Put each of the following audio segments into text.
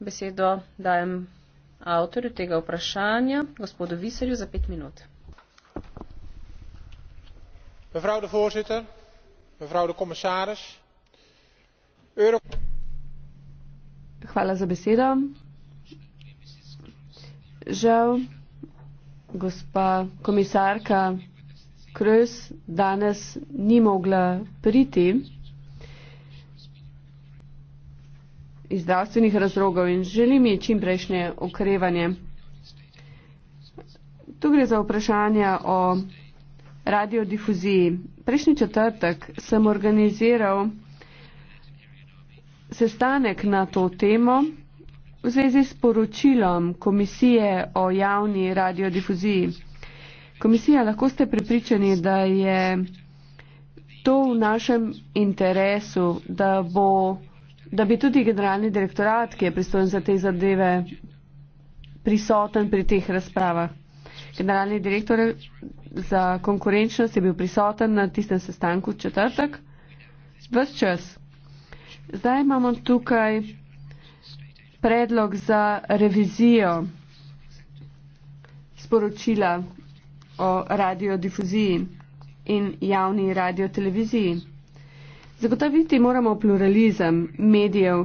besedo dajem avtorju tega vprašanja, gospodu Viserju, za pet minut. Mevrouw de voorzitter, mevrouw de commissaris. Euro... Hvala za besedo. Žal, gospa komisarka Kröz danes ni mogla priti. iz zdravstvenih razlogov in želim je čim prejšnje okrevanje. Tu gre za vprašanje o radiodifuziji. Prejšnji četrtek sem organiziral sestanek na to temo v zvezi s poročilom Komisije o javni radiodifuziji. Komisija, lahko ste pripričani, da je to v našem interesu, da bo da bi tudi generalni direktorat, ki je pristojen za te zadeve, prisoten pri teh razpravah. Generalni direktor za konkurenčnost je bil prisoten na tistem sestanku četrtek. Ves čas. Zdaj imamo tukaj predlog za revizijo sporočila o radiodifuziji in javni radioteleviziji. Zagotoviti moramo pluralizem medijev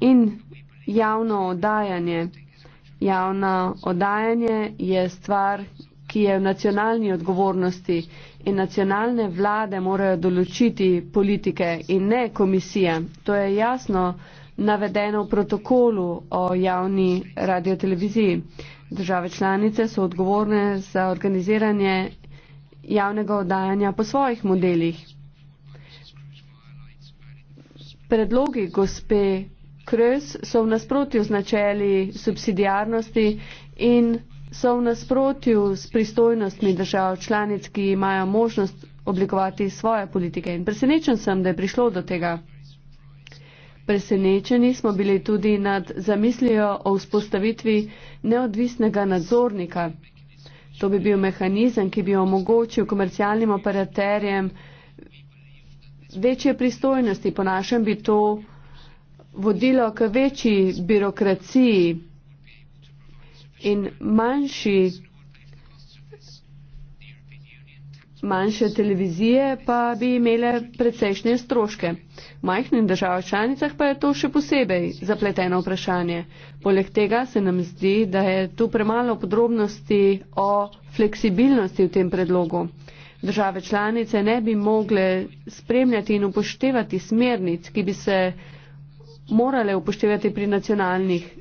in javno oddajanje. Javno oddajanje je stvar, ki je v nacionalni odgovornosti in nacionalne vlade morajo določiti politike in ne komisija. To je jasno navedeno v protokolu o javni radioteleviziji. Države članice so odgovorne za organiziranje javnega oddajanja po svojih modelih predlogi gospe Kröz so v nasprotju z načeli subsidijarnosti in so v nasprotju s pristojnostmi držav članic, ki imajo možnost oblikovati svoje politike. In presenečen sem, da je prišlo do tega. Presenečeni smo bili tudi nad zamislijo o vzpostavitvi neodvisnega nadzornika. To bi bil mehanizem, ki bi omogočil komercialnim operaterjem, večje pristojnosti. Po našem bi to vodilo k večji birokraciji in manjši, manjše televizije pa bi imele precejšnje stroške. V majhnih državah članicah pa je to še posebej zapleteno vprašanje. Poleg tega se nam zdi, da je tu premalo podrobnosti o fleksibilnosti v tem predlogu države članice ne bi mogle spremljati in upoštevati smernic, ki bi se morale upoštevati pri nacionalnih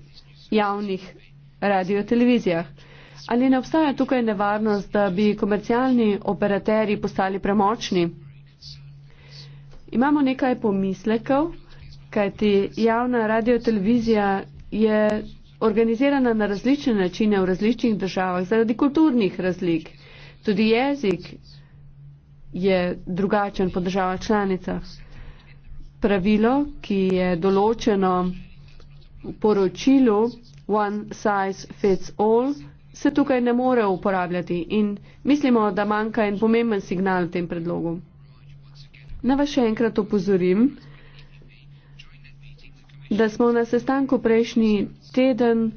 javnih radiotelevizijah. Ali ne obstaja tukaj nevarnost, da bi komercialni operaterji postali premočni? Imamo nekaj pomislekov, kajti javna radiotelevizija je organizirana na različne načine v različnih državah zaradi kulturnih razlik. Tudi jezik je drugačen po državah članicah. Pravilo, ki je določeno v poročilu One Size Fits All, se tukaj ne more uporabljati in mislimo, da manjka en pomemben signal v tem predlogu. Na vas še enkrat opozorim, da smo na sestanku prejšnji teden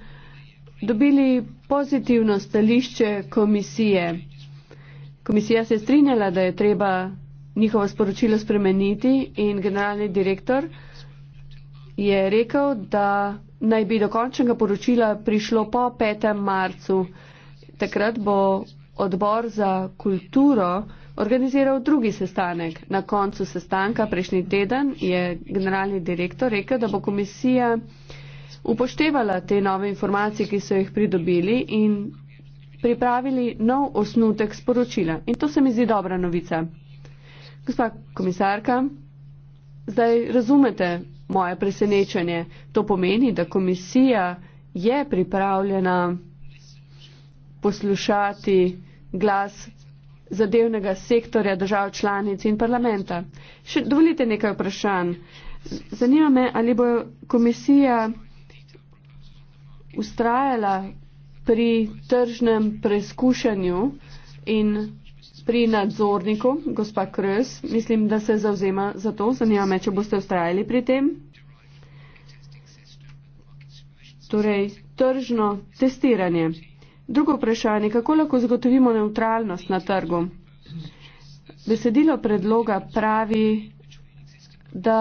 dobili pozitivno stališče komisije Komisija se je strinjala, da je treba njihovo sporočilo spremeniti in generalni direktor je rekel, da naj bi do končnega poročila prišlo po 5. marcu. Takrat bo odbor za kulturo organiziral drugi sestanek. Na koncu sestanka prejšnji teden je generalni direktor rekel, da bo komisija upoštevala te nove informacije, ki so jih pridobili in pripravili nov osnutek sporočila. In to se mi zdi dobra novica. Gospa komisarka, zdaj razumete moje presenečenje. To pomeni, da komisija je pripravljena poslušati glas zadevnega sektorja držav članic in parlamenta. Še dovolite nekaj vprašanj. Zanima me, ali bo komisija ustrajala pri tržnem preskušanju in pri nadzorniku, gospa Krös, mislim, da se zauzema za to, zanima me, če boste ustrajali pri tem. Torej, tržno testiranje. Drugo vprašanje, kako lahko zagotovimo neutralnost na trgu? Besedilo predloga pravi, da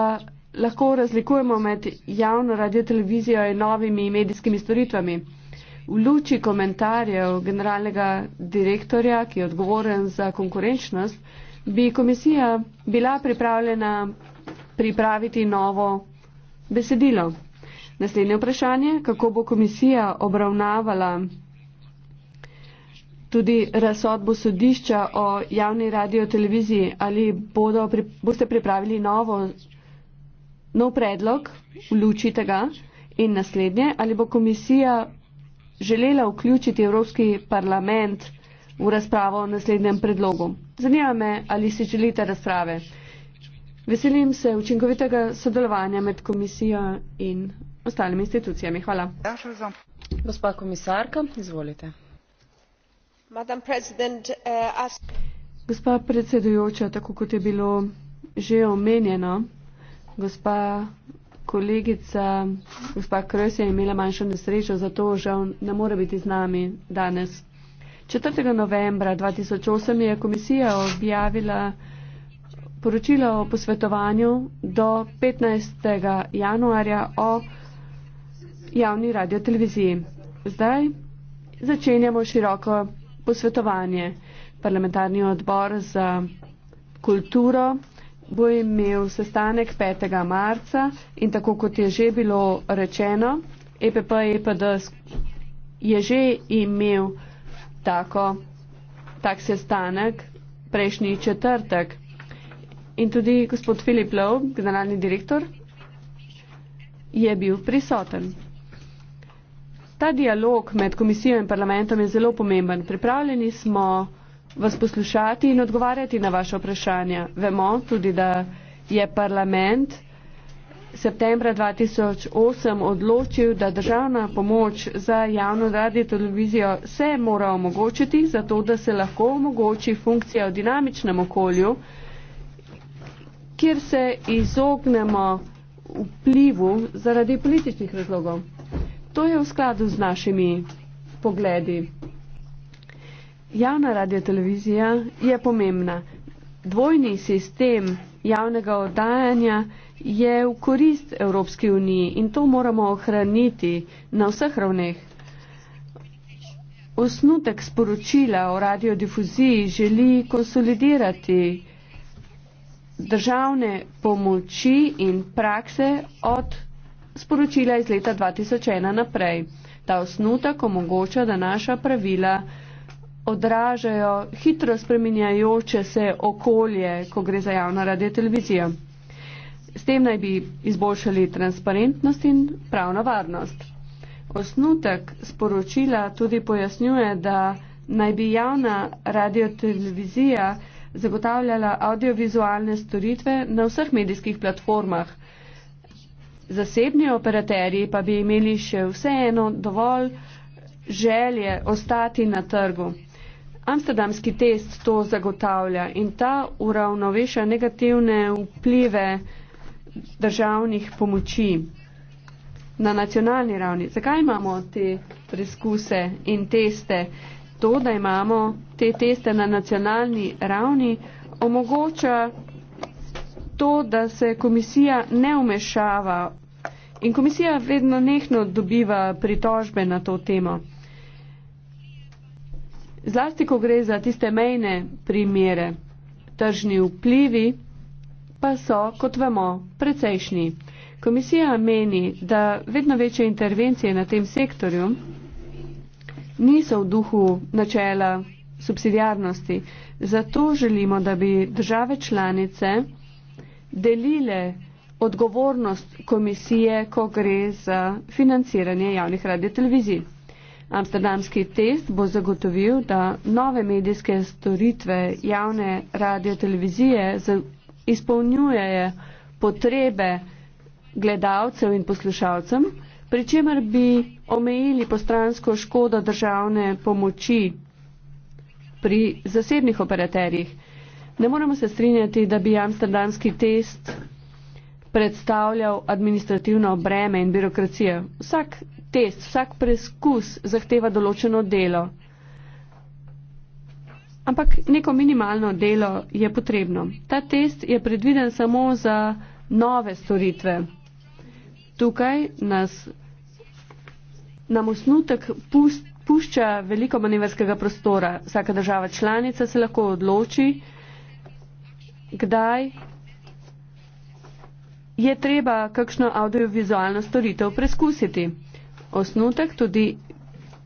lahko razlikujemo med javno radio televizijo in novimi medijskimi storitvami v luči komentarjev generalnega direktorja, ki je odgovoren za konkurenčnost, bi komisija bila pripravljena pripraviti novo besedilo. Naslednje vprašanje, kako bo komisija obravnavala tudi razsodbo sodišča o javni radio televiziji, ali bodo, boste pripravili novo, nov predlog v luči tega in naslednje, ali bo komisija želela vključiti Evropski parlament v razpravo o naslednjem predlogu. Zanima me, ali si želite razprave. Veselim se učinkovitega sodelovanja med komisijo in ostalimi institucijami. Hvala. Gospa komisarka, izvolite. Eh, gospa predsedujoča, tako kot je bilo že omenjeno, gospa kolegica, gospa Kres je imela manjšo nesrečo, zato žal ne more biti z nami danes. 4. novembra 2008 je komisija objavila poročilo o posvetovanju do 15. januarja o javni radioteleviziji. Zdaj začenjamo široko posvetovanje. Parlamentarni odbor za kulturo bo imel sestanek 5. marca in tako kot je že bilo rečeno, EPP EPD je že imel tako, tak sestanek prejšnji četrtek. In tudi gospod Filip Lov, generalni direktor, je bil prisoten. Ta dialog med komisijo in parlamentom je zelo pomemben. Pripravljeni smo vas poslušati in odgovarjati na vaše vprašanja. Vemo tudi, da je parlament septembra 2008 odločil, da državna pomoč za javno radio televizijo se mora omogočiti, zato da se lahko omogoči funkcija v dinamičnem okolju, kjer se izognemo vplivu zaradi političnih razlogov. To je v skladu z našimi pogledi. Javna radiotelevizija je pomembna. Dvojni sistem javnega oddajanja je v korist Evropske unije in to moramo ohraniti na vseh ravneh. Osnutek sporočila o radiodifuziji želi konsolidirati državne pomoči in prakse od sporočila iz leta 2001 naprej. Ta osnutek omogoča, da naša pravila odražajo hitro spreminjajoče se okolje, ko gre za javno radio televizijo. S tem naj bi izboljšali transparentnost in pravno varnost. Osnutek sporočila tudi pojasnjuje, da naj bi javna radio televizija zagotavljala audiovizualne storitve na vseh medijskih platformah. Zasebni operaterji pa bi imeli še vseeno dovolj želje ostati na trgu. Amsterdamski test to zagotavlja in ta uravnoveša negativne vplive državnih pomoči na nacionalni ravni. Zakaj imamo te preskuse in teste? To, da imamo te teste na nacionalni ravni, omogoča to, da se komisija ne umešava. In komisija vedno nehno dobiva pritožbe na to temo. Zlasti, ko gre za tiste mejne primere, tržni vplivi pa so, kot vemo, precejšnji. Komisija meni, da vedno večje intervencije na tem sektorju niso v duhu načela subsidijarnosti. Zato želimo, da bi države članice delile odgovornost komisije, ko gre za financiranje javnih radio televizij. Amsterdamski test bo zagotovil, da nove medijske storitve javne radiotelevizije izpolnjujejo potrebe gledalcev in poslušalcem, pri čemer bi omejili postransko škodo državne pomoči pri zasebnih operaterjih. Ne moremo se strinjati, da bi Amsterdamski test predstavljal administrativno breme in birokracijo. Vsak test, vsak preskus zahteva določeno delo. Ampak neko minimalno delo je potrebno. Ta test je predviden samo za nove storitve. Tukaj nas, nam osnutek pust, pušča veliko manevrskega prostora. Vsaka država članica se lahko odloči, kdaj je treba kakšno audiovizualno storitev preskusiti. Osnutek tudi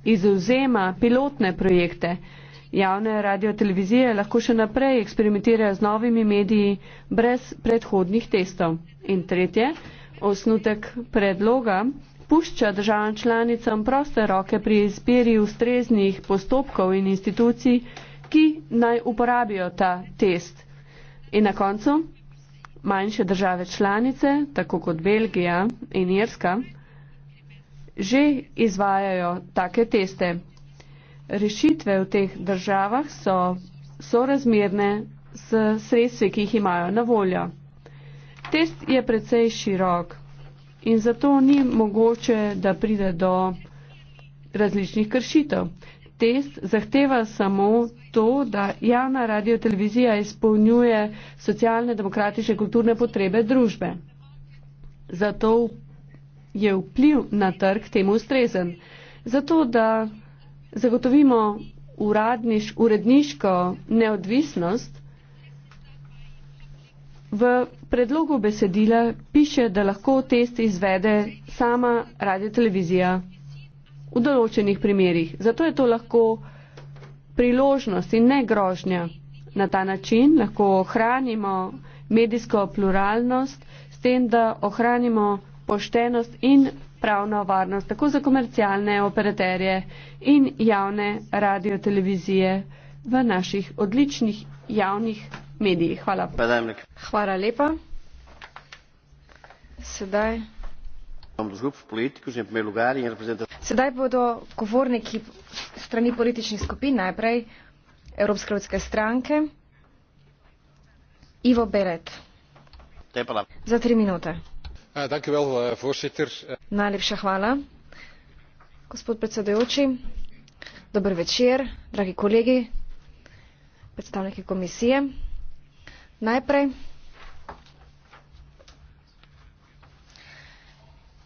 izuzema pilotne projekte. Javne radiotelevizije lahko še naprej eksperimentirajo z novimi mediji brez predhodnih testov. In tretje, osnutek predloga pušča državam članicam proste roke pri izbiri ustreznih postopkov in institucij, ki naj uporabijo ta test. In na koncu manjše države članice, tako kot Belgija in Irska, že izvajajo take teste. Rešitve v teh državah so sorazmerne s sredstvi, ki jih imajo na voljo. Test je precej širok in zato ni mogoče, da pride do različnih kršitev test zahteva samo to, da javna radiotelevizija izpolnjuje socialne, demokratične, kulturne potrebe družbe. Zato je vpliv na trg temu ustrezen. Zato, da zagotovimo uradniš, uredniško neodvisnost, v predlogu besedila piše, da lahko test izvede sama radiotelevizija v določenih primerjih. Zato je to lahko priložnost in ne grožnja. Na ta način lahko ohranimo medijsko pluralnost s tem, da ohranimo poštenost in pravno varnost tako za komercialne operaterje in javne radiotelevizije v naših odličnih javnih medijih. Hvala. Hvala lepa. Sedaj. E sedaj bodo govorniki strani političnih skupin najprej evropske ljudske stranke ivo beret za tri minute eh, najlepša hvala gospod predsedujoči dober večer dragi kolegi predstavniki komisije najprej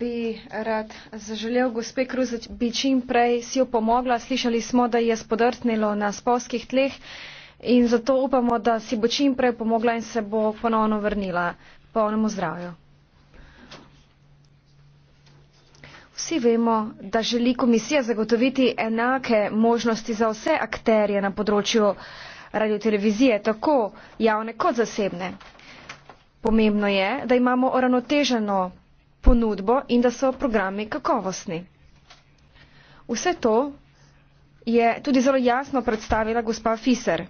bi rad zaželel gospe Kruzič, bi čim prej si jo pomogla. Slišali smo, da je spodrtnilo na spolskih tleh in zato upamo, da si bo čim prej pomogla in se bo ponovno vrnila. Polnemu zdravju. Vsi vemo, da želi komisija zagotoviti enake možnosti za vse akterje na področju radiotelevizije, tako javne kot zasebne. Pomembno je, da imamo uravnoteženo ponudbo in da so programi kakovostni. Vse to je tudi zelo jasno predstavila gospa Fiser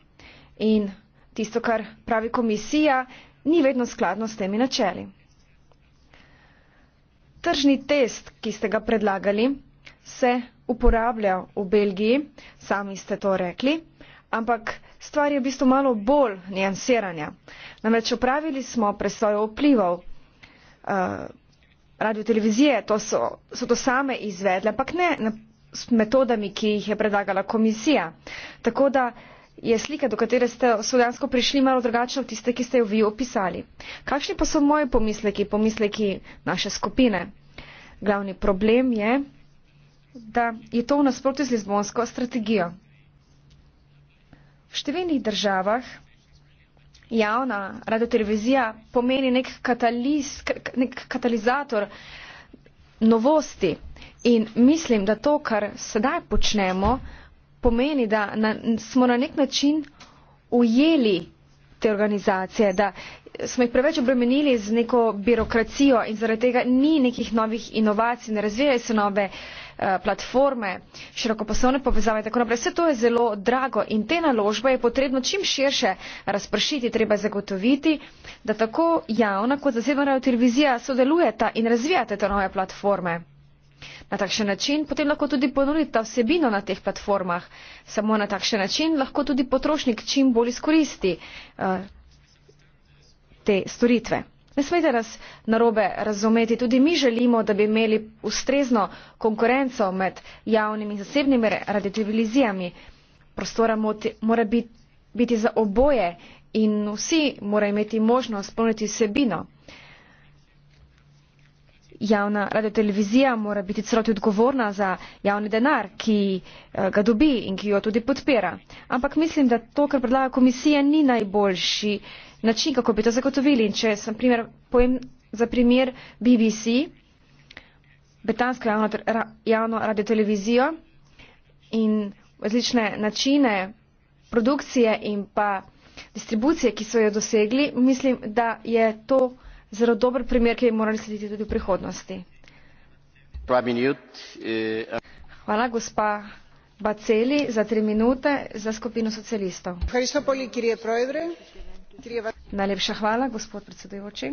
in tisto, kar pravi komisija, ni vedno skladno s temi načeli. Tržni test, ki ste ga predlagali, se uporablja v Belgiji, sami ste to rekli, ampak stvar je v bistvu malo bolj nijansiranja. Namreč opravili smo presojo vplivov. Uh, radiotelevizije, to so, so to same izvedle, ampak ne s metodami, ki jih je predlagala komisija. Tako da je slika, do katere ste dejansko prišli, malo drugačna od tiste, ki ste jo vi opisali. Kakšni pa so moji pomisleki, pomisleki naše skupine? Glavni problem je, da je to v nasprotju z Lizbonsko strategijo. V številnih državah javna radiotelevizija pomeni nek, kataliz, nek katalizator novosti. In mislim, da to, kar sedaj počnemo, pomeni, da na, smo na nek način ujeli te organizacije, da smo jih preveč obremenili z neko birokracijo in zaradi tega ni nekih novih inovacij, ne razvijajo se nove uh, Eh, platforme širokopasovne povezave in tako naprej vse to je zelo drago in te naložbe je potrebno čim širše razpršiti treba je zagotoviti da tako javna kot zasebna radiotelevizija sodelujeta in razvijate te nove platforme na takšen način potem lahko tudi ponudite vsebino na teh platformah samo na takšen način lahko tudi potrošnik čim bolj izkoristi uh, te storitve. Ne smete nas narobe razumeti, tudi mi želimo, da bi imeli ustrezno konkurenco med javnimi in zasebnimi radiotelevizijami. Prostora mora biti za oboje in vsi morajo imeti možnost spolniti vsebino javna radiotelevizija mora biti celoti odgovorna za javni denar, ki eh, ga dobi in ki jo tudi podpira. Ampak mislim, da to, kar predlaga komisija, ni najboljši način, kako bi to zagotovili. In če sem primer, pojem za primer BBC, Britansko javno, javno radiotelevizijo in različne načine produkcije in pa distribucije, ki so jo dosegli, mislim, da je to zelo dober primer ki bi morali slediti tudi v prihodnosti. Eh, hvala gospa Baceli za tri minute za skupino socialistov. Najlepša hvala gospod predsedujoči.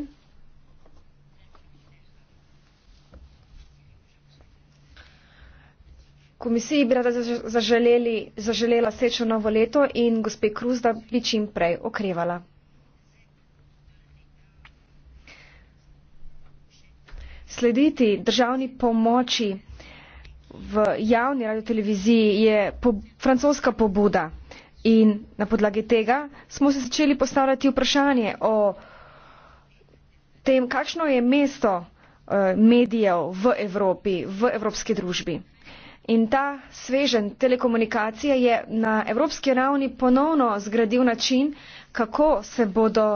Komisiji bi rada zaželeli, zaželela srečno novo leto in gospe Kruz, da bi čim prej okrevala. slediti državni pomoči v javni radioteleviziji je po, francoska pobuda in na podlagi tega smo se začeli postavljati vprašanje o tem, kakšno je mesto eh, medijev v Evropi, v evropski družbi. In ta svežen telekomunikacija je na evropski ravni ponovno zgradil način, kako se bodo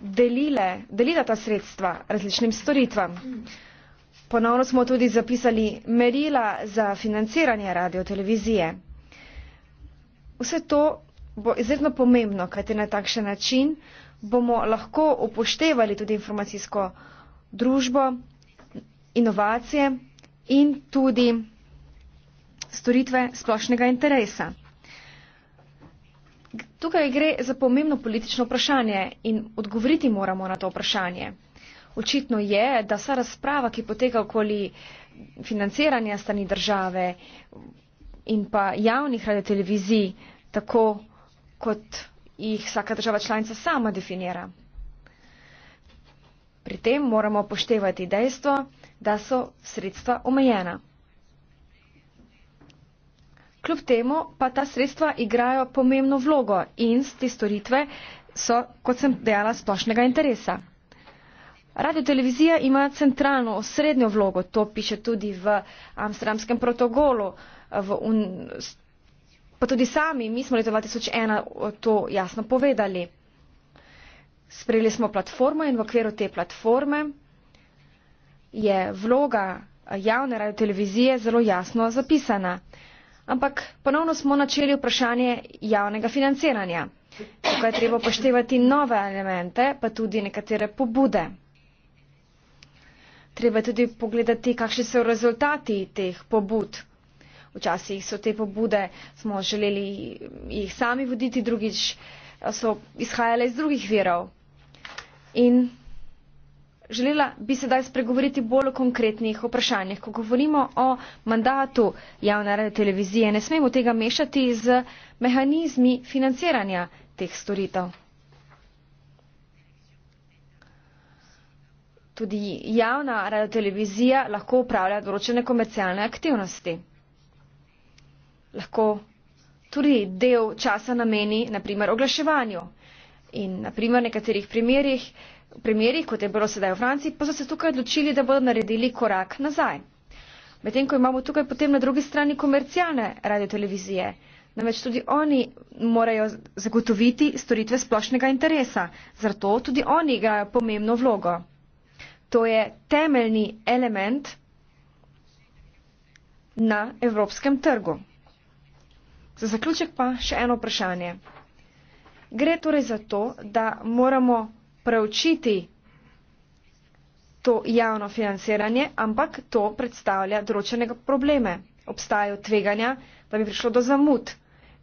delile, delila ta sredstva različnim storitvam. Ponovno smo tudi zapisali merila za financiranje radiotelevizije. Vse to bo izredno pomembno, kajte na takšen način bomo lahko upoštevali tudi informacijsko družbo, inovacije in tudi storitve splošnega interesa. Tukaj gre za pomembno politično vprašanje in odgovoriti moramo na to vprašanje. Očitno je, da vsa razprava, ki poteka okoli financiranja strani države in pa javnih radiotelevizij, tako kot jih vsaka država članica sama definira. Pri tem moramo poštevati dejstvo, da so sredstva omejena. Kljub temu pa ta sredstva igrajo pomembno vlogo in te storitve so, kot sem dejala, splošnega interesa. Radio televizija ima centralno osrednjo vlogo, to piše tudi v amsterdamskem protokolu, pa tudi sami, mi smo leta 2001 to jasno povedali. Sprejeli smo platformo in v okviru te platforme je vloga javne radio televizije zelo jasno zapisana. Ampak ponovno smo načeli vprašanje javnega financiranja. Tukaj je treba poštevati nove elemente, pa tudi nekatere pobude. Treba je tudi pogledati, kakšni so rezultati teh pobud. Včasih so te pobude, smo želeli jih sami voditi, drugič so izhajale iz drugih verov. In Želela bi sedaj spregovoriti bolj o konkretnih vprašanjih. Ko govorimo o mandatu javne radio televizije, ne smemo tega mešati z mehanizmi financiranja teh storitev. Tudi javna radio televizija lahko upravlja določene komercialne aktivnosti. Lahko tudi del časa nameni, naprimer, oglaševanju. In, naprimer, v nekaterih primerjih primerih, kot je bilo sedaj v Franciji, pa so se tukaj odločili, da bodo naredili korak nazaj. Medtem, ko imamo tukaj potem na drugi strani komercialne radiotelevizije, namreč tudi oni morajo zagotoviti storitve splošnega interesa, zato tudi oni igrajo pomembno vlogo. To je temeljni element na evropskem trgu. Za zaključek pa še eno vprašanje. Gre torej za to, da moramo preučiti to javno financiranje, ampak to predstavlja določene probleme. Obstajajo tveganja, da bi prišlo do zamud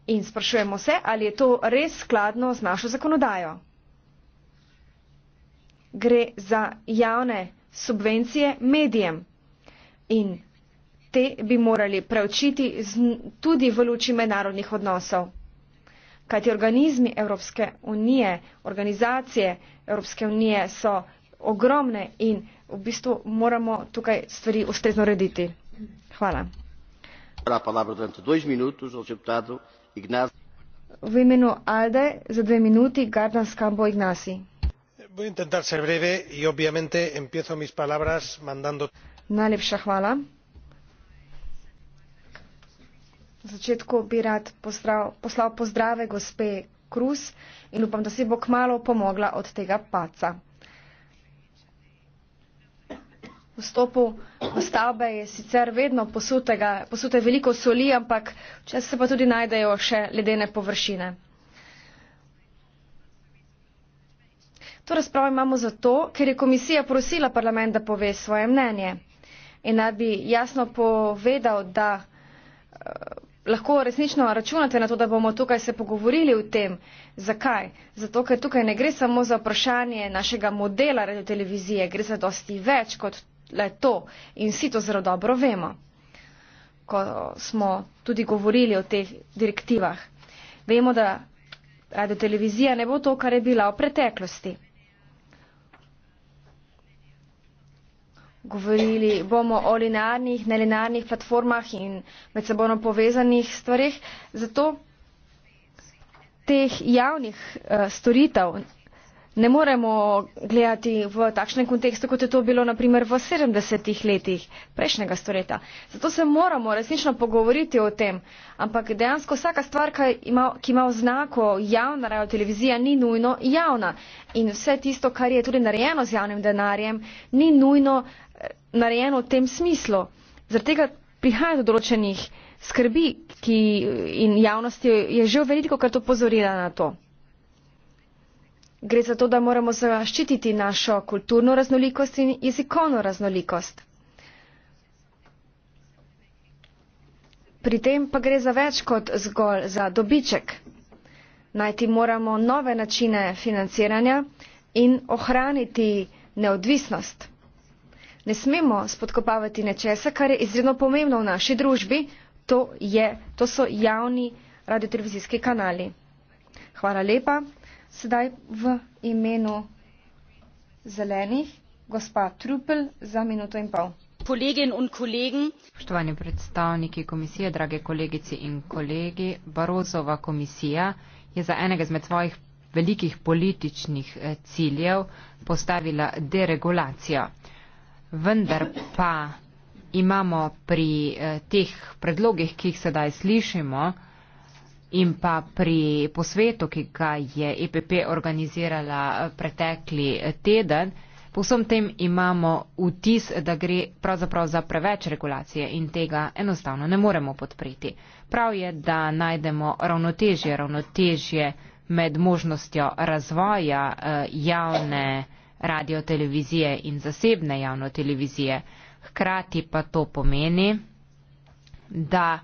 in sprašujemo se, ali je to res skladno z našo zakonodajo. Gre za javne subvencije medijem in te bi morali preučiti tudi v luči mednarodnih odnosov kajti organizmi Evropske unije, organizacije Evropske unije so ogromne in v bistvu moramo tukaj stvari ustrezno rediti. Hvala. V imenu Alde za dve minuti Gardan Skambo Ignasi. Najlepša hvala. Na začetku bi rad pozdrav, poslal pozdrave gospe Kruz in upam, da si bo kmalo pomogla od tega paca. V stopu v stavbe je sicer vedno posutega, posute veliko soli, ampak čas se pa tudi najdejo še ledene površine. To razpravo imamo zato, ker je komisija prosila parlament, da pove svoje mnenje. In da bi jasno povedal, da lahko resnično računate na to, da bomo tukaj se pogovorili o tem, zakaj. Zato, ker tukaj ne gre samo za vprašanje našega modela radiotelevizije, gre za dosti več kot le to in vsi to zelo dobro vemo, ko smo tudi govorili o teh direktivah. Vemo, da radiotelevizija ne bo to, kar je bila v preteklosti. govorili bomo o linearnih, nelinearnih platformah in med sabo povezanih stvarih. Zato teh javnih uh, storitev ne moremo gledati v takšnem kontekstu, kot je to bilo naprimer v 70-ih letih prejšnjega stoleta. Zato se moramo resnično pogovoriti o tem, ampak dejansko vsaka stvar, ki ima, ki ima znako javna radio televizija, ni nujno javna. In vse tisto, kar je tudi narejeno z javnim denarjem, ni nujno narejeno v tem smislu. Zaradi tega prihaja do določenih skrbi ki, in javnosti je že veliko krat upozorila na to. Gre za to, da moramo zaščititi našo kulturno raznolikost in jezikovno raznolikost. Pri tem pa gre za več kot zgolj za dobiček. Najti moramo nove načine financiranja in ohraniti neodvisnost ne smemo spodkopavati nečesa, kar je izredno pomembno v naši družbi, to, je, to so javni radiotelevizijski kanali. Hvala lepa. Sedaj v imenu zelenih, gospa Trupel za minuto in pol. Poštovani predstavniki komisije, drage kolegici in kolegi, Barozova komisija je za enega izmed svojih velikih političnih eh, ciljev postavila deregulacijo vendar pa imamo pri eh, teh predlogih, ki jih sedaj slišimo in pa pri posvetu, ki ga je EPP organizirala eh, pretekli eh, teden, po vsem tem imamo vtis, da gre pravzaprav za preveč regulacije in tega enostavno ne moremo podpreti. Prav je, da najdemo ravnotežje, ravnotežje med možnostjo razvoja javne radiotelevizije in zasebne javno televizije. Hkrati pa to pomeni, da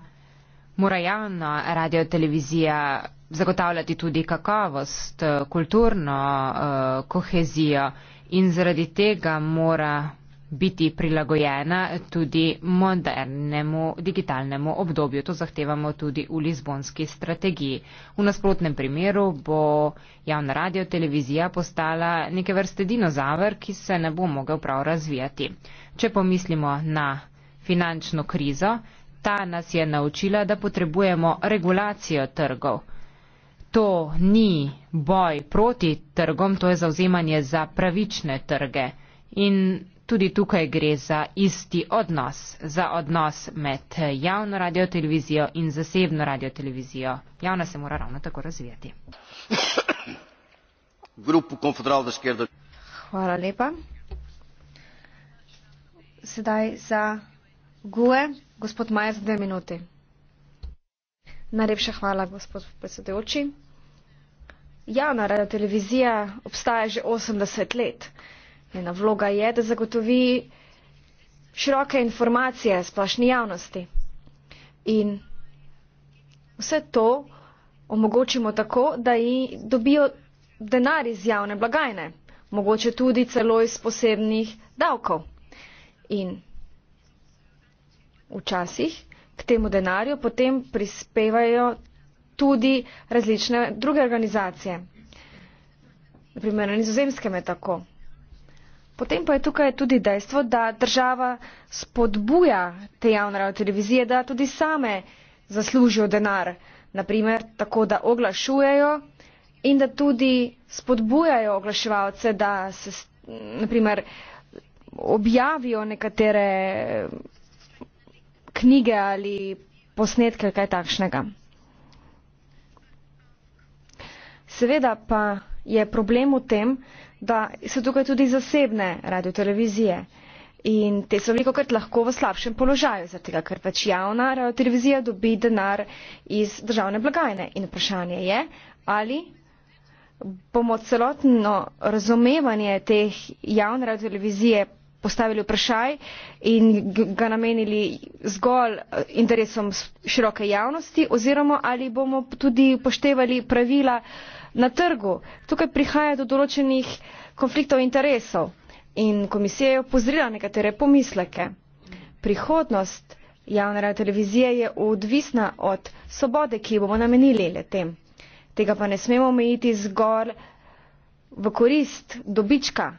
mora javna radiotelevizija zagotavljati tudi kakovost, kulturno eh, kohezijo in zaradi tega mora biti prilagojena tudi modernemu digitalnemu obdobju. To zahtevamo tudi v Lizbonski strategiji. V nasprotnem primeru bo javna radio televizija postala neke vrste dinozaver, ki se ne bo mogel prav razvijati. Če pomislimo na finančno krizo, ta nas je naučila, da potrebujemo regulacijo trgov. To ni boj proti trgom, to je zauzemanje za pravične trge. In tudi tukaj gre za isti odnos, za odnos med javno radiotelevizijo in zasebno radiotelevizijo. Javna se mora ravno tako razvijati. Hvala lepa. Sedaj za GUE, gospod Maja, za dve minuti. Najlepša hvala, gospod predsedujoči. Javna radiotelevizija obstaja že 80 let. Njena vloga je, da zagotovi široke informacije splošni javnosti. In vse to omogočimo tako, da ji dobijo denar iz javne blagajne, mogoče tudi celo iz posebnih davkov. In včasih k temu denarju potem prispevajo tudi različne druge organizacije. Naprimer, na nizozemskem je tako. Potem pa je tukaj tudi dejstvo, da država spodbuja te javne radiotelevizije, da tudi same zaslužijo denar, naprimer tako, da oglašujejo in da tudi spodbujajo oglaševalce, da se naprimer objavijo nekatere knjige ali posnetke ali kaj takšnega. Seveda pa je problem v tem, da so tukaj tudi zasebne radiotelevizije. In te so veliko krat lahko v slabšem položaju, zato ker pač javna radiotelevizija dobi denar iz državne blagajne. In vprašanje je, ali bomo celotno razumevanje teh javne radiotelevizije postavili vprašaj in ga namenili zgolj eh, interesom široke javnosti oziroma ali bomo tudi upoštevali pravila. Uh, na trgu. Tukaj prihaja do določenih konfliktov interesov in komisija je upozorila nekatere pomisleke. Prihodnost javne radiotelevizije je odvisna od svobode, ki jo bomo namenili le tem. Tega pa ne smemo omejiti zgolj v korist dobička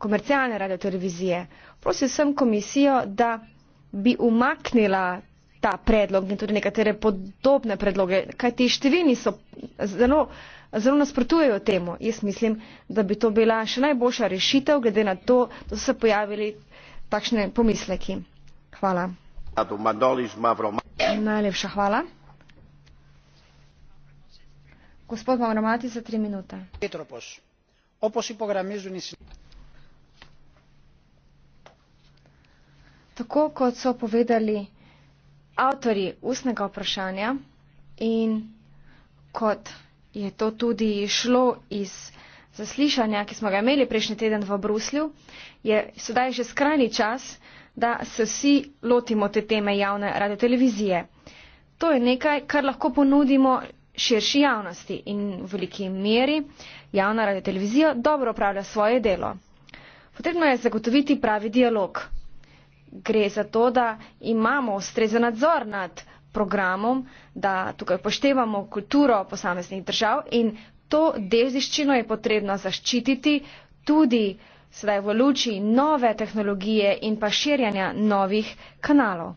komercialne radiotelevizije. Prosil sem komisijo, da bi umaknila ta predlog in tudi nekatere podobne predloge, kajti številni so zelo, zelo nasprotujejo temu. Jaz mislim, da bi to bila še najboljša rešitev, glede na to, da so se pojavili takšne pomisleki. Hvala. Najlepša hvala. Gospod Mavromati za tri minute. Petropos, oposi pogramizu nisi. Tako kot so povedali avtori ustnega vprašanja in kot je to tudi šlo iz zaslišanja, ki smo ga imeli prejšnji teden v Bruslju, je sedaj že skrajni čas, da se vsi lotimo te teme javne radiotelevizije. To je nekaj, kar lahko ponudimo širši javnosti in v veliki meri javna radiotelevizija dobro upravlja svoje delo. Potrebno je zagotoviti pravi dialog gre za to, da imamo ustrezen nadzor nad programom, da tukaj poštevamo kulturo posameznih držav in to deziščino je potrebno zaščititi tudi sedaj v luči nove tehnologije in pa širjanja novih kanalov.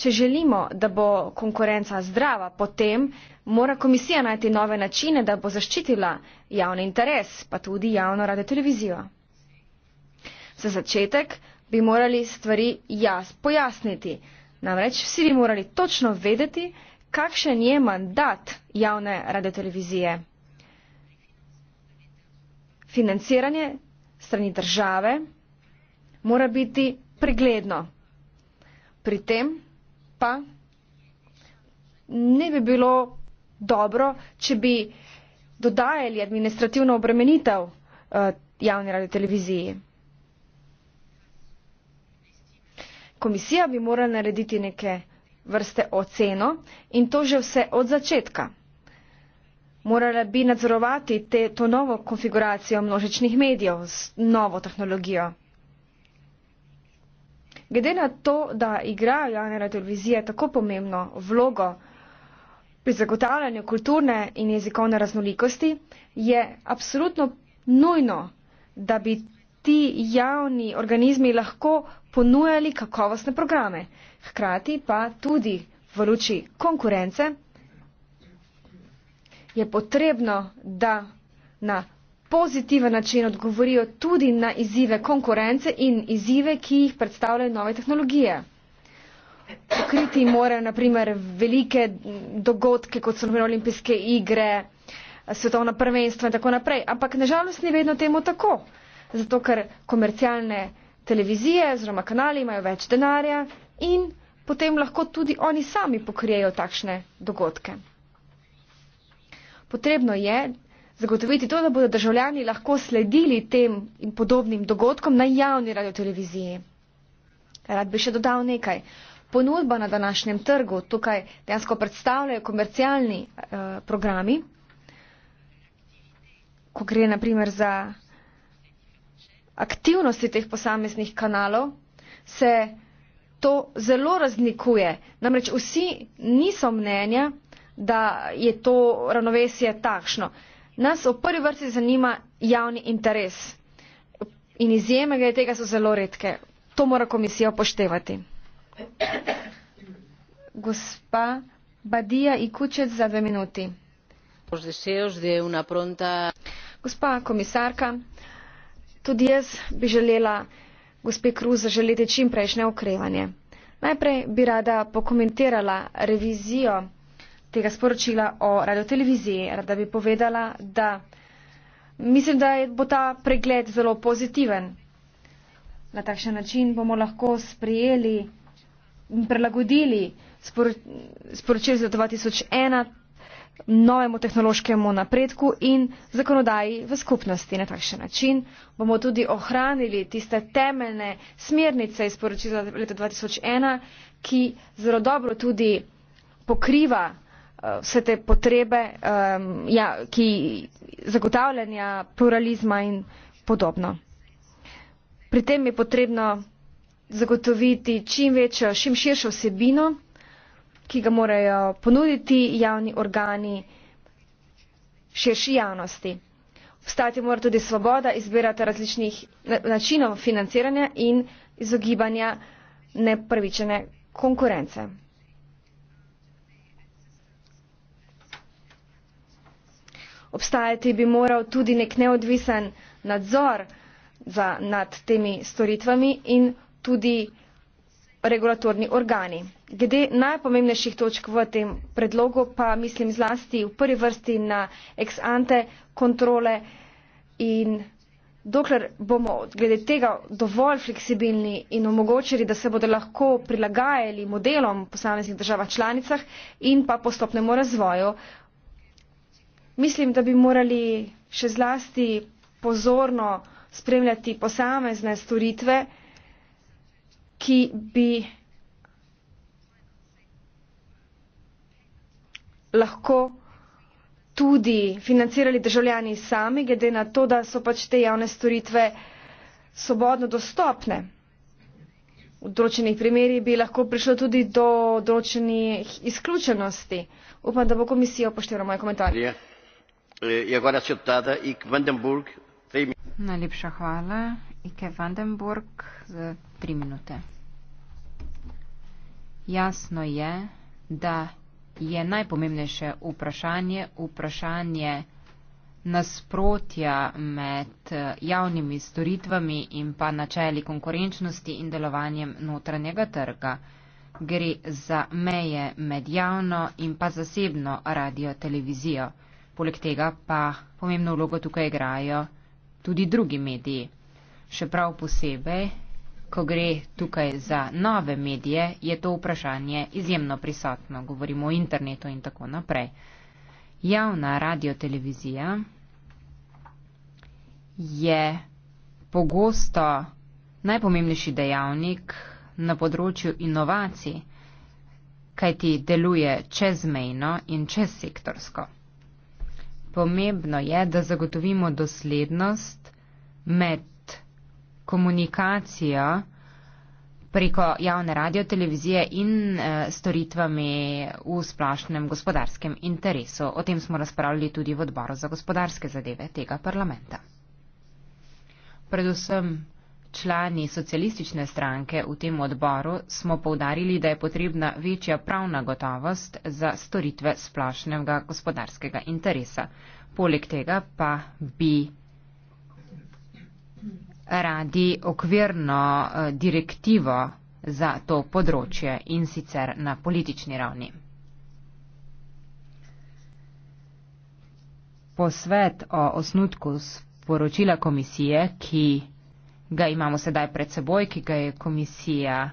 Če želimo, da bo konkurenca zdrava, potem mora komisija najti nove načine, da bo zaščitila javni interes, pa tudi javno radio televizijo. Za začetek bi morali stvari jaz pojasniti. Namreč vsi bi morali točno vedeti, kakšen je mandat javne radiotelevizije. Financiranje strani države mora biti pregledno. Pri tem pa ne bi bilo dobro, če bi dodajali administrativno obremenitev eh, javne radiotelevizije. komisija bi morala narediti neke vrste oceno in to že vse od začetka. Morala bi nadzorovati te, to novo konfiguracijo množičnih medijev s novo tehnologijo. Glede na to, da igra javna radiovizija tako pomembno vlogo pri zagotavljanju kulturne in jezikovne raznolikosti, je absolutno nujno, da bi ti javni organizmi lahko ponujali kakovostne programe, hkrati pa tudi v luči konkurence je potrebno, da na pozitiven način odgovorijo tudi na izive konkurence in izive, ki jih predstavljajo nove tehnologije. Pokriti morajo naprimer velike dogodke, kot so naprimer olimpijske igre, svetovna prvenstva in tako naprej, ampak nažalost ni vedno temu tako, zato ker komercialne televizije oziroma kanali imajo več denarja in potem lahko tudi oni sami pokrijejo takšne dogodke. Potrebno je zagotoviti to, da bodo državljani lahko sledili tem in podobnim dogodkom na javni radioteleviziji. Rad bi še dodal nekaj. Ponudba na današnjem trgu, tukaj dejansko predstavljajo komercialni eh, programi, ko gre naprimer za aktivnosti teh posameznih kanalov, se to zelo razlikuje. Namreč vsi niso mnenja, da je to ravnovesje takšno. Nas v prvi vrsti zanima javni interes in izjeme glede tega so zelo redke. To mora komisija upoštevati. Gospa Badija Ikučec za dve minuti. Gospa komisarka, Tudi jaz bi želela gospe Kruz zaželeti čim prejšnje okrevanje. Najprej bi rada pokomentirala revizijo tega sporočila o radioteleviziji. Rada bi povedala, da mislim, da bo ta pregled zelo pozitiven. Na takšen način bomo lahko sprejeli in prilagodili sporočil za 2001, novemu tehnološkemu napredku in zakonodaji v skupnosti. Na takšen način bomo tudi ohranili tiste temeljne smernice iz poročila leta 2001, ki zelo dobro tudi pokriva eh, vse te potrebe, ja, ki zagotavljanja pluralizma in podobno. Pri tem je potrebno zagotoviti čim večjo, čim širšo vsebino, ki ga morajo ponuditi javni organi širši javnosti. Vstati mora tudi svoboda izbirati različnih načinov financiranja in izogibanja nepravičene konkurence. Obstajati bi moral tudi nek neodvisen nadzor za, nad temi storitvami in tudi regulatorni organi. Glede najpomembnejših točk v tem predlogu pa mislim zlasti v prvi vrsti na ex ante kontrole in dokler bomo glede tega dovolj fleksibilni in omogočili, da se bodo lahko prilagajali modelom posameznih držav članicah in pa postopnemu razvoju, mislim, da bi morali še zlasti pozorno spremljati posamezne storitve, ki bi lahko tudi financirali državljani sami, glede na to, da so pač te javne storitve svobodno dostopne. V določenih primerjih bi lahko prišlo tudi do določenih izključenosti. Upam, da bo komisija upoštevala moje komentarje. Je, je Najlepša hvala. Ike Vandenburg za tri minute. Jasno je, da je najpomembnejše vprašanje vprašanje nasprotja med eh, javnimi storitvami in pa načeli konkurenčnosti in delovanjem notranjega trga. Gre za meje med javno in pa zasebno radio televizijo. Poleg tega pa pomembno vlogo tukaj igrajo tudi drugi mediji. Še prav posebej, ko gre tukaj za nove medije, je to vprašanje izjemno prisotno, govorimo o internetu in tako naprej. Javna radiotelevizija je pogosto najpomembnejši dejavnik na področju inovacij, kajti deluje čezmejno in čezsektorsko pomembno je, da zagotovimo doslednost med komunikacijo preko javne radiotelevizije in eh, storitvami v splošnem gospodarskem interesu. O tem smo razpravljali tudi v odboru za gospodarske zadeve tega parlamenta. Predvsem člani socialistične stranke v tem odboru, smo povdarili, da je potrebna večja pravna gotovost za storitve splošnega gospodarskega interesa. Poleg tega pa bi radi okvirno eh, direktivo za to področje in sicer na politični ravni. Posvet o osnutku sporočila komisije, ki ga imamo sedaj pred seboj, ki ga je komisija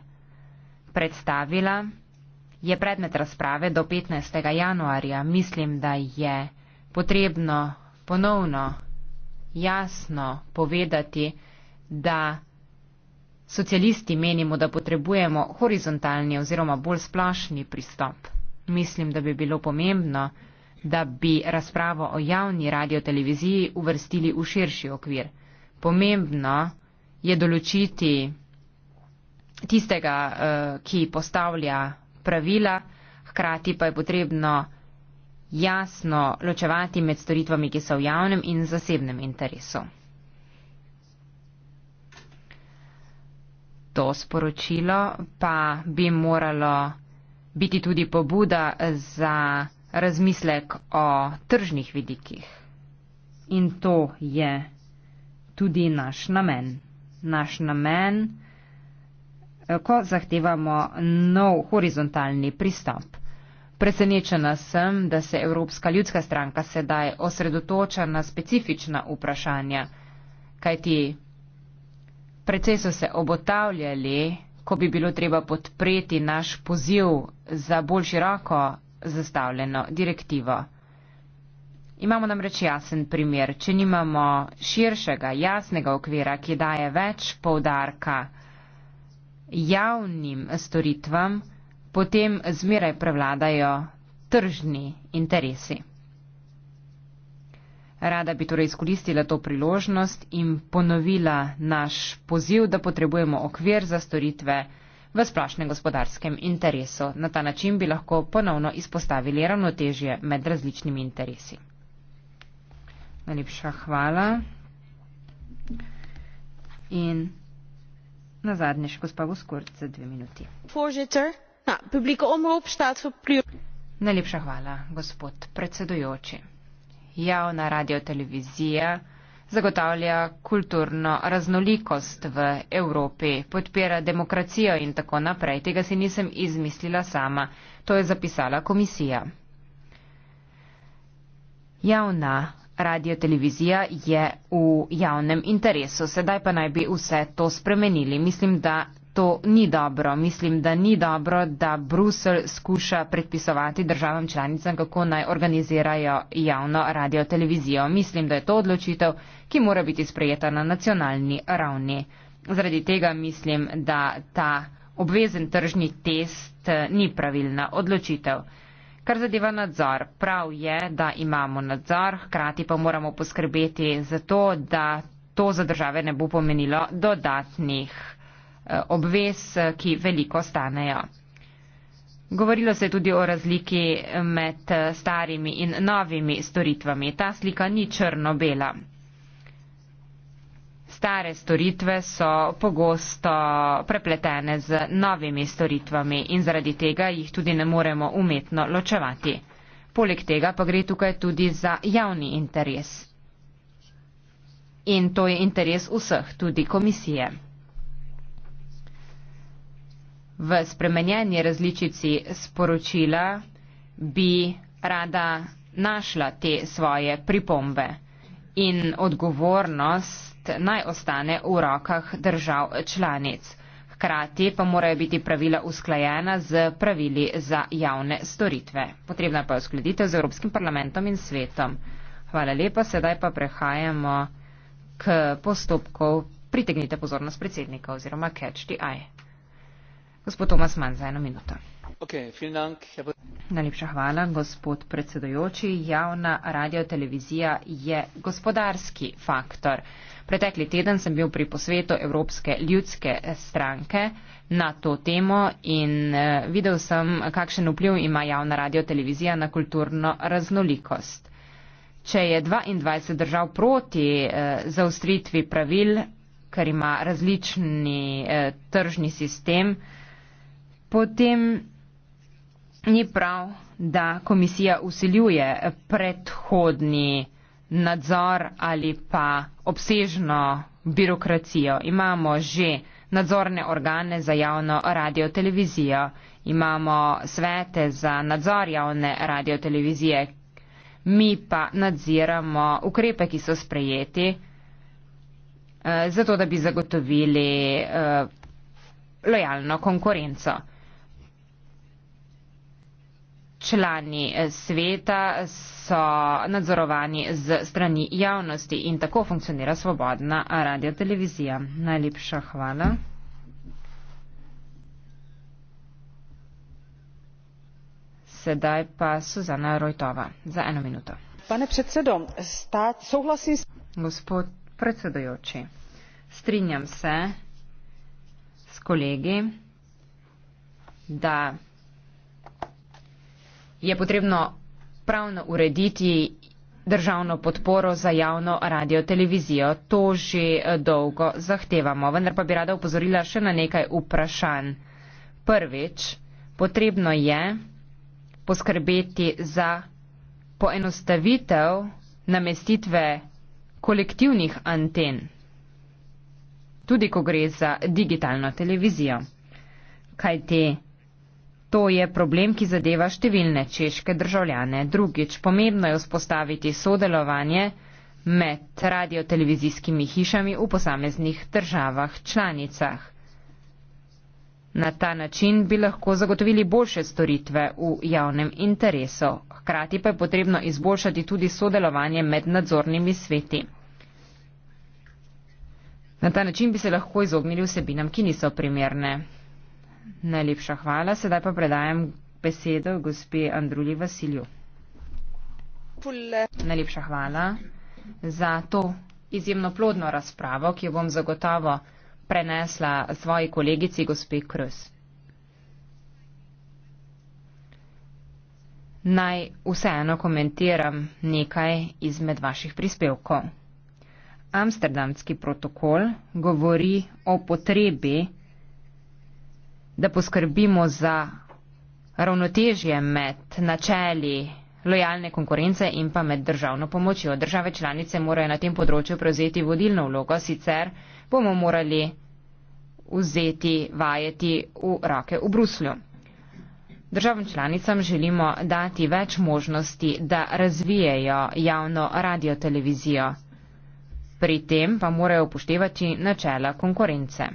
predstavila, je predmet razprave do 15. januarja. Mislim, da je potrebno ponovno jasno povedati, da socialisti menimo, da potrebujemo horizontalni oziroma bolj splošni pristop. Mislim, da bi bilo pomembno, da bi razpravo o javni radioteleviziji uvrstili v širši okvir. Pomembno, je določiti tistega, eh, ki postavlja pravila, hkrati pa je potrebno jasno ločevati med storitvami, ki so v javnem in zasebnem interesu. To sporočilo pa bi moralo biti tudi pobuda za razmislek o tržnih vidikih. In to je tudi naš namen naš namen, eh, ko zahtevamo nov horizontalni pristop. Presenečena sem, da se Evropska ljudska stranka sedaj osredotoča na specifična vprašanja, kajti precej so se obotavljali, ko bi bilo treba podpreti naš poziv za bolj široko zastavljeno direktivo. Imamo namreč jasen primer, če nimamo širšega, jasnega okvira, ki daje več povdarka javnim storitvam, potem zmeraj prevladajo tržni interesi. Rada bi torej izkoristila to priložnost in ponovila naš poziv, da potrebujemo okvir za storitve v splošnem gospodarskem interesu. Na ta način bi lahko ponovno izpostavili ravnotežje med različnimi interesi. Najlepša hvala. In na zadnje še gospa Voskurc za dve minuti. Na, Najlepša hvala, gospod predsedujoči. Javna radiotelevizija zagotavlja kulturno raznolikost v Evropi, podpira demokracijo in tako naprej. Tega si nisem izmislila sama, to je zapisala komisija. Javna radio televizija je v javnem interesu. Sedaj pa naj bi vse to spremenili. Mislim, da to ni dobro. Mislim, da ni dobro, da Brusel skuša predpisovati državam članicam, kako naj organizirajo javno radio televizijo. Mislim, da je to odločitev, ki mora biti sprejeta na nacionalni ravni. Zaradi tega mislim, da ta obvezen tržni test eh, ni pravilna odločitev. Kar zadeva nadzor, prav je, da imamo nadzor, hkrati pa moramo poskrbeti za to, da to za države ne bo pomenilo dodatnih eh, obvez, ki veliko stanejo. Govorilo se je tudi o razliki med starimi in novimi storitvami. Ta slika ni črno-bela stare storitve so pogosto prepletene z novimi storitvami in zaradi tega jih tudi ne moremo umetno ločevati. Poleg tega pa gre tukaj tudi za javni interes. In to je interes vseh, tudi komisije. V spremenjeni različici sporočila bi rada našla te svoje pripombe in odgovornost naj ostane v rokah držav članic. Hkrati pa morajo biti pravila usklajena z pravili za javne storitve. Potrebna pa je uskladitev z Evropskim parlamentom in svetom. Hvala lepa, sedaj pa prehajamo k postopku. Pritegnite pozornost predsednika oziroma catch the eye. Gospod Tomas Manj za eno minuto. Najlepša hvala, gospod predsedujoči. Javna radiotelevizija je gospodarski faktor. Pretekli teden sem bil pri posvetu Evropske ljudske stranke na to temo in eh, videl sem, kakšen vpliv ima javna radiotelevizija na kulturno raznolikost. Če je 22 držav proti eh, zaustritvi pravil, ker ima različni eh, tržni sistem, potem ni prav, da komisija usiljuje predhodni nadzor ali pa obsežno birokracijo. Imamo že nadzorne organe za javno radiotelevizijo, imamo svete za nadzor javne radiotelevizije, mi pa nadziramo ukrepe, ki so sprejeti, eh, zato da bi zagotovili eh, lojalno konkurenco člani eh, sveta so nadzorovani z strani javnosti in tako funkcionira svobodna radiotelevizija. Najlepša hvala. Sedaj pa Suzana Rojtova za eno minuto. Pane predsedo, stat souhlasim s. Gospod predsedojoči, strinjam se s kolegi, da je potrebno pravno urediti državno podporo za javno radio televizijo. To že eh, dolgo zahtevamo. Vendar pa bi rada upozorila še na nekaj vprašanj. Prvič, potrebno je poskrbeti za poenostavitev namestitve kolektivnih anten, tudi ko gre za digitalno televizijo. Kaj ti? Te To je problem, ki zadeva številne češke državljane. Drugič, pomembno je vzpostaviti sodelovanje med radiotelevizijskimi hišami v posameznih državah članicah. Na ta način bi lahko zagotovili boljše storitve v javnem interesu. Hkrati pa je potrebno izboljšati tudi sodelovanje med nadzornimi sveti. Na ta način bi se lahko izognili vsebinam, ki niso primerne. Najlepša hvala. Sedaj pa predajam besedo gospe Andruli Vasilju. Pule. Najlepša hvala za to izjemno plodno razpravo, ki jo bom zagotovo prenesla svoji kolegici gospe Krs. Naj vseeno komentiram nekaj izmed vaših prispevkov. Amsterdamski protokol govori o potrebi da poskrbimo za ravnotežje med načeli lojalne konkurence in pa med državno pomočjo. Države članice morajo na tem področju prevzeti vodilno vlogo, sicer bomo morali vzeti vajeti v roke v Bruslju. Državam članicam želimo dati več možnosti, da razvijejo javno radiotelevizijo. Pri tem pa morajo upoštevati načela konkurence.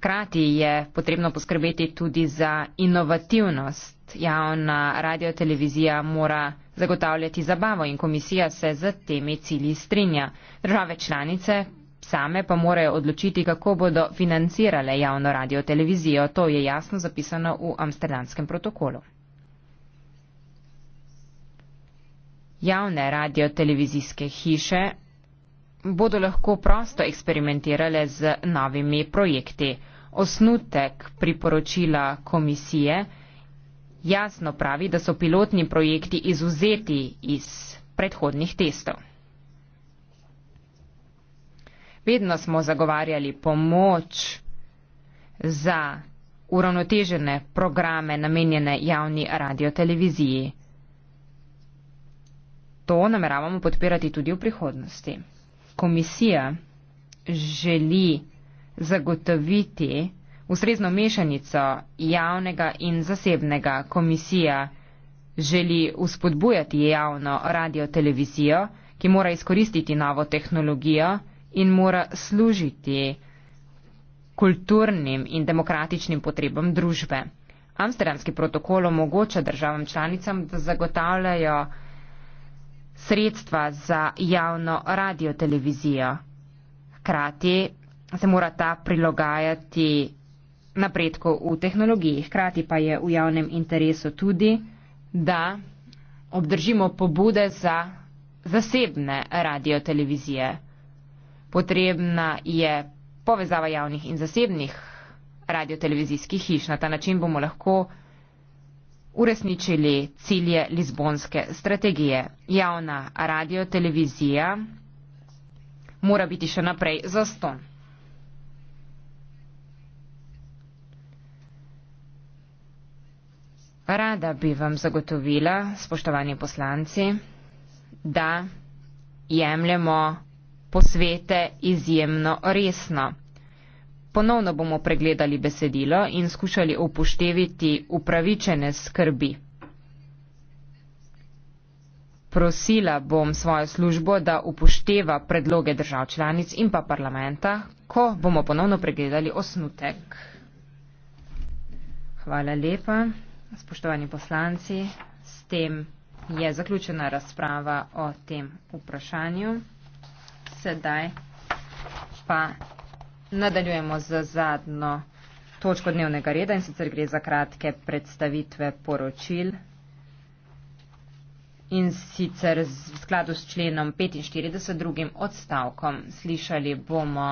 Hkrati je potrebno poskrbeti tudi za inovativnost. Javna radiotelevizija mora zagotavljati zabavo in komisija se z temi cilji strinja. Države članice same pa morajo odločiti, kako bodo financirale javno radiotelevizijo. To je jasno zapisano v amsterdamskem protokolu. Javne radiotelevizijske hiše bodo lahko prosto eksperimentirale z novimi projekti. Osnutek priporočila komisije jasno pravi, da so pilotni projekti izuzeti iz predhodnih testov. Vedno smo zagovarjali pomoč za uravnotežene programe namenjene javni radioteleviziji. To nameravamo podpirati tudi v prihodnosti komisija želi zagotoviti ustrezno mešanico javnega in zasebnega, komisija želi uspodbujati javno radiotelevizijo, ki mora izkoristiti novo tehnologijo in mora služiti kulturnim in demokratičnim potrebam družbe. Amsterdamski protokol omogoča državam članicam, da zagotavljajo sredstva za javno radiotelevizijo. Hkrati se mora ta prilagajati napredku v tehnologiji. Hkrati pa je v javnem interesu tudi, da obdržimo pobude za zasebne radiotelevizije. Potrebna je povezava javnih in zasebnih radiotelevizijskih hiš. Na ta način bomo lahko uresničili cilje Lizbonske strategije. Javna radiotelevizija mora biti še naprej zaston. Rada bi vam zagotovila, spoštovani poslanci, da jemljemo posvete izjemno resno. Ponovno bomo pregledali besedilo in skušali upoštevati upravičene skrbi. Prosila bom svojo službo, da upošteva predloge držav članic in pa parlamenta, ko bomo ponovno pregledali osnutek. Hvala lepa, spoštovani poslanci. S tem je zaključena razprava o tem vprašanju. Sedaj pa Nadaljujemo z zadnjo točko dnevnega reda in sicer gre za kratke predstavitve poročil. In sicer v skladu s členom 45. drugim odstavkom slišali bomo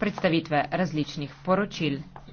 predstavitve različnih poročil.